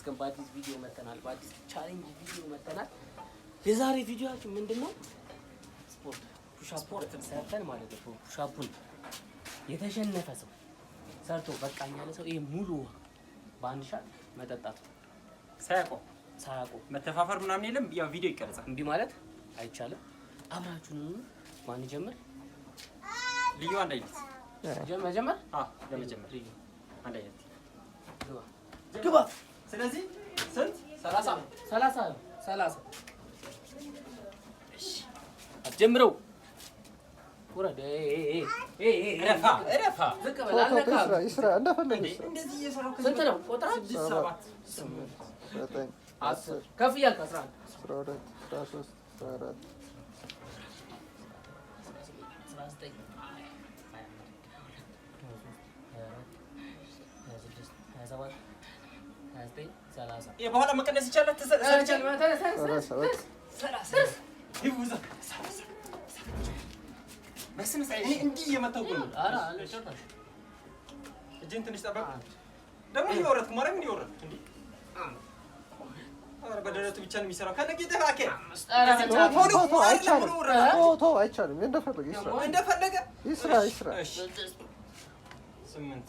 ተመስገን በአዲስ ቪዲዮ መተናል። በአዲስ ቻሌንጅ ቪዲዮ መተናል። የዛሬ ቪዲዮችን ምንድን ነው? ስፖርት ፑሻፖርት ሰርተን ማለት ነው። ፑሻፑን የተሸነፈ ሰው ሰርቶ በቃኝ ያለ ሰው ይሄ ሙሉ በአንድ ሻት መጠጣት ሳያውቀው ሳያውቀው መተፋፈር ምናምን የለም። ያው ቪዲዮ ይቀርጻል። እንዲህ ማለት አይቻልም። አብራችሁን ማን ጀምር? ልዩ አንድ አይነት ጀመር ጀመር። ለመጀመር ልዩ አንድ አይነት ግባ ግባ ስለዚህ ስንት ሰላሳ ሰላሳ ሰላሳ ነው ከፍ እያልክ በኋላ መቀነስ ይቻላል። እንዲህ ትንሽ ጠበቅ ደግሞ እየወረድኩ ማርያም እየወረድኩ እንዲህ በደረቱ ብቻ ነው የሚሰራው። አይቻልም። ይስራ ይስራ ስምንት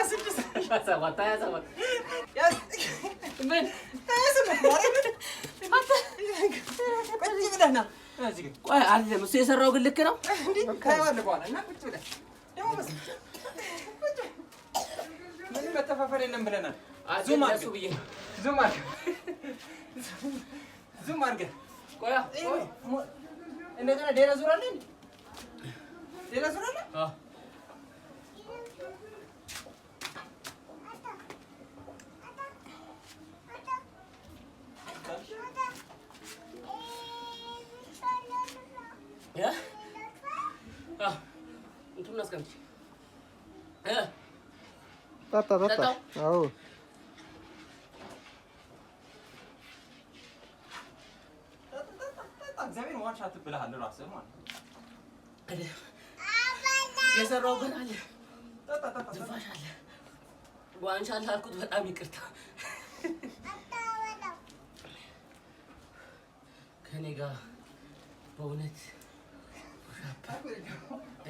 እሱ የሰራው ግን ልክ ነው። ምንም መተፋፈር የለም ብለናል። ዙም አድርገህ ዙም አድርገህ እንደገና ሌላ ዙር አለ ሌላ ዙር አለ ቱን አስቀምጪ። ጠጣ ጠጣ። አዎ እግዚአብሔር ዋንሻ አለ አለ ዋንሻ አለ አልኩት። በጣም ይቅርታ ከኔ ጋር በእውነት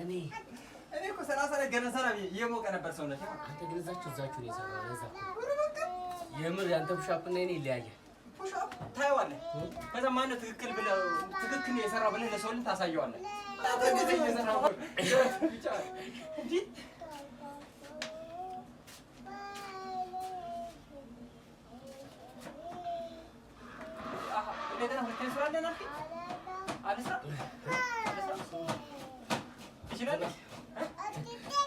እኔ ሰላሳ ላይ ገና ሰራ የሞቀ ነበር ሰውነት። አንተ ግን እዛችሁ እዛችሁ ነው የሰራ ለዛ የምር ያንተ ፑሻፕ እና የኔ ይለያያል። ፑሻፕ ታየዋለህ፣ ከዛ ማነው ትክክል ብለህ ትክክል ነው የሰራው ብለህ ለሰው ልጅ ታሳየዋለህ። አልሰራ ይችላል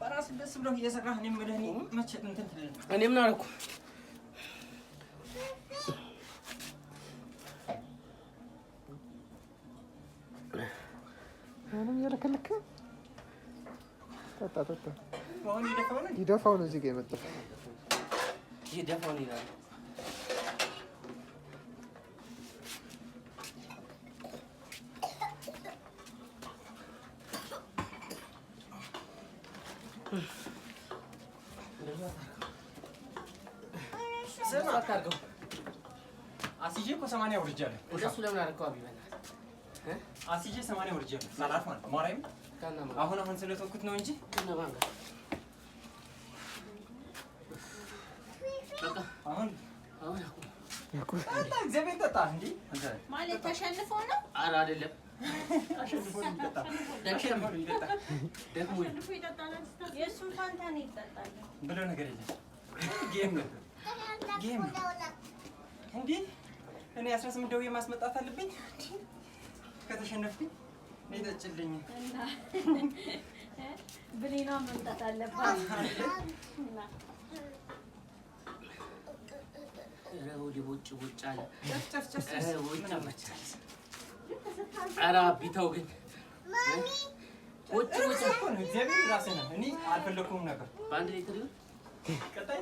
በራስ ደስ ብሎ እየሰራህ እኔ የምልህ መቼ እንትን ትልልህ እኔ ምን አደረኩ? ምንም እየለከለክ ጠጣ ጠጣ ይደፋው ነው እዚህ ጋር የመጣው ይደፋው ይላል። አታርገው። አስይዤ እኮ ሰማንያ ወርጃለሁ። እንደሱ ለምን አደረገው? አስይዤ ሰማንያ ወርጃለሁ። ነው። ማርያም አሁን አሁን ስለተውኩት ነው እንጂ እግዚአብሔር ጠጣ እንደ ማለት ተሸንፎ ነው። ኧረ አይደለም አሸንፎ ይጠጣ ደግሞ የእሱን ፋንታ ነው ይጠጣል ብሎ ነገር የለም። ጌም ነው ጌም ነው። እኔ አስራ ስምንት ደውዬ ማስመጣት አለብኝ። ከተሸነፍኩኝ እኔ ጠጭልኝ ብሌና መምጣት አለባት። ቦጭ ቦጭ አለ ኧረ ቢተው ግን እግዚአብሔር ራሴ ነህ። እኔ አልፈለኩም ነበር በአንድ ላይ ትልም ቀጣይ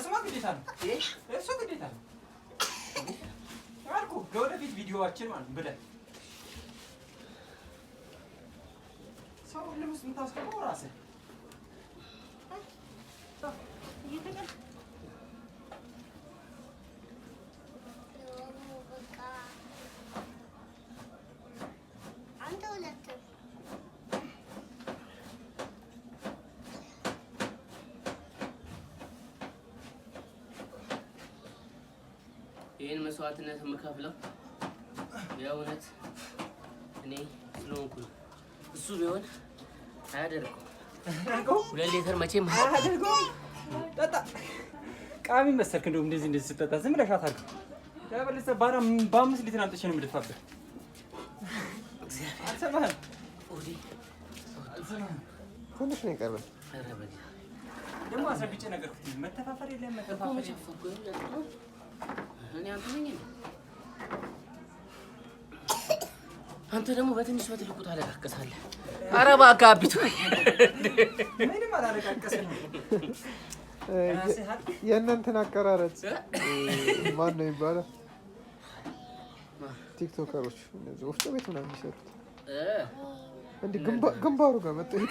እሱማ ግዴታ ነው። እሱ ግዴታ ነው አልኩህ። ለወደፊት ቪዲዮዋችን ማለት ነው ሰው ሁሉም የምታስገባው ራስህ ይህን መስዋዕትነት የምከፍለው የእውነት እኔ ስለሆንኩ ነው። እሱ ቢሆን አያደርገው። ሁለት ሌተር መቼም አያደርገው። ጠጣ ቃሚ መሰልክ። እንደውም እንደዚህ እንደዚህ ስጠጣ ዝም ብለሽ አታድርገው። ያበለሰ ባራ በአምስት ሊትር አምጥቼ ነው የምደፋብህ። ትንሽ ነው የቀረው ደግሞ አስረግጬ ነገርኩት። መተፋፈር የለም መተፋፈር አንተ ደግሞ በትንሽ በትልቁ ታለቃቀሳለህ። ኧረ እባክህ አቢቱ የእናንተን አቀራረጽ ማን ነው ይባላል? ቲክቶከሮች እነዚህ ወፍጮ ቤት ምናምን የሚሰሩት እንዲህ ግንባሩ ጋር መጠየቅ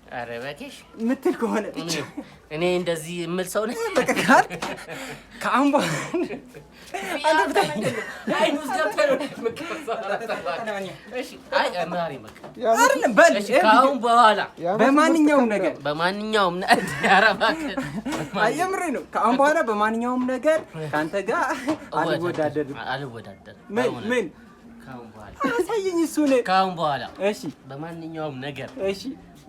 ኧረ በጌሽ የምትል ከሆነ እኔ እንደዚህ የምል ሰው ነኝ። ከአሁን በኋላ በማንኛውም ነገር በማንኛውም የምሬ ነው። ከአሁን በኋላ በማንኛውም ነገር ከአንተ ጋር አልወዳደርም አልወዳደርም። ምን አሳየኝ ከአሁን በኋላ በማንኛውም ነገር እሺ